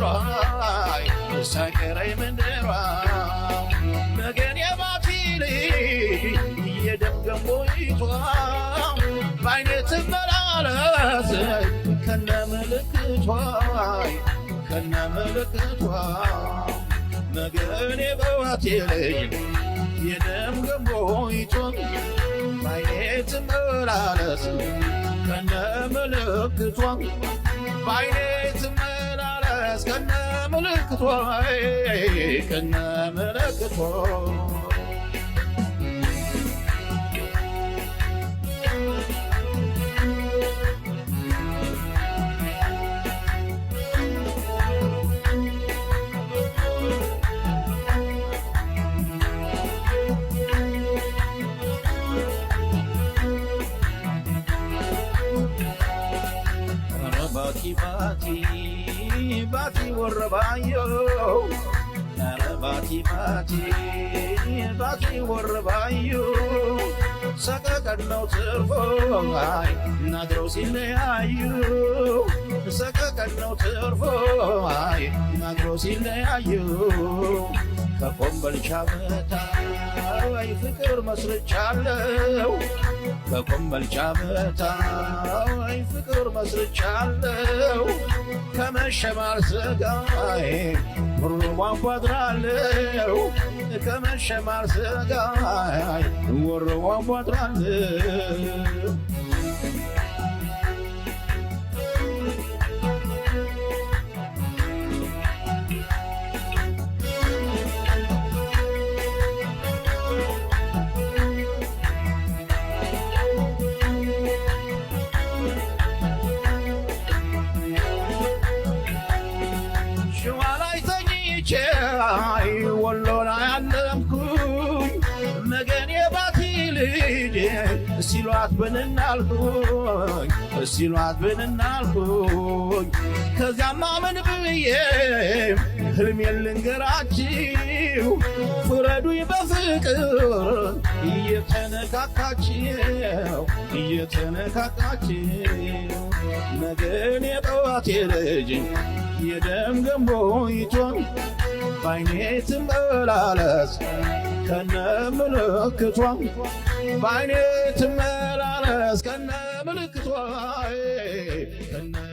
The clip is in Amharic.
ምድሯ ሳይቀረኝ ምድሯ ነገን የባቲል የደም ገንቦይቷ በአይኔ ትመላለስ ከነ ምልክቷ ከነ ምልክቷ ነገን የባቲል የደም ገንቦይቷ በአይኔ ትመላለስ ከነ ምልክቷ በዓይኔ ትመላለስ ከነ ምልክቷ ከነ ምልክቷ baati baati warra baay'oo nara baati baati baati warra baay'oo sakakannoo tirfoo ay nagroo ሲለያዩ sakakannoo tirfoo ay nagroo ሲለያዩ በኮምበልቻ መታይ ፍቅር መስርቻለው በኮምበልቻ መታይ ፍቅር መስርቻለው ከመሸማር ስጋዬ ወርሞ አቧጥራለው ከመሸማር ስጋዬ ወርሞ አቧጥራለው ሸዋ ላይ ተኝቼ ወሎ ላይ አለምኩኝ መገን የባቲ ልጅ ሲሏት ብንናልኩኝ ሲሏት ብንናልኩኝ ከዚያማ ምን ብዬ ህልሜን ልንገራችሁ ፍረዱኝ በፍቅር እየተነካካችሁ እየተነካካችሁ መገን የጠዋቴ ልጅ የደም ገንቦ ይቷን ባይኔ ትመላለስ ከነ ምልክቷ ባይኔ ትመላለስ ከነ ምልክቷ ከነ